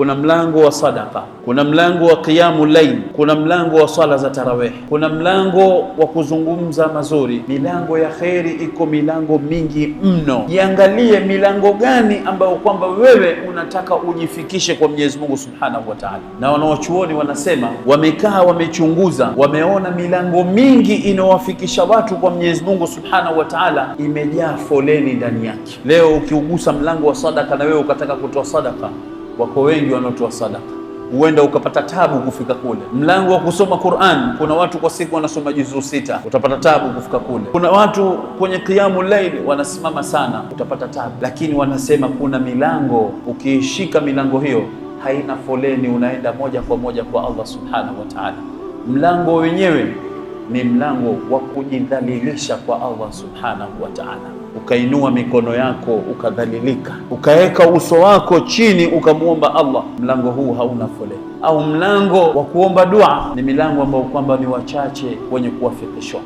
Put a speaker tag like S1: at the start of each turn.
S1: kuna mlango wa sadaka, kuna mlango wa qiyamu lail, kuna mlango wa swala za tarawih, kuna mlango wa kuzungumza mazuri. Milango ya kheri iko milango mingi mno. Jiangalie milango gani ambayo kwamba wewe unataka ujifikishe kwa Mwenyezi Mungu Subhanahu wa Ta'ala. Na wanaochuoni wanasema, wamekaa wamechunguza, wameona milango mingi inawafikisha watu kwa Mwenyezi Mungu Subhanahu wa Ta'ala imejaa foleni ndani yake. Leo ukiugusa mlango wa sadaka na wewe ukataka kutoa sadaka wako wengi wanaotoa sadaka, huenda ukapata tabu kufika kule. Mlango wa kusoma Qur'an, kuna watu kwa siku wanasoma juzuu sita, utapata tabu kufika kule. Kuna watu kwenye kiamu laili wanasimama sana, utapata tabu. Lakini wanasema kuna milango, ukiishika milango hiyo haina foleni, unaenda moja kwa moja kwa Allah subhanahu wa ta'ala. Mlango wenyewe ni mlango wa kujidhalilisha kwa Allah subhanahu wa ta'ala, ukainua mikono yako ukadhalilika, ukaweka uso wako chini ukamwomba Allah. Mlango huu hauna foleni, au mlango wa kuomba dua ni milango ambayo kwamba ni wachache wenye kuwafikishwa.